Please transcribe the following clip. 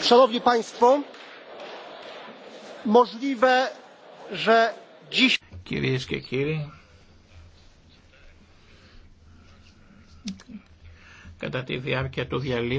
Szanowni Państwo, και κύριοι, κατά τη διάρκεια του διαλύματος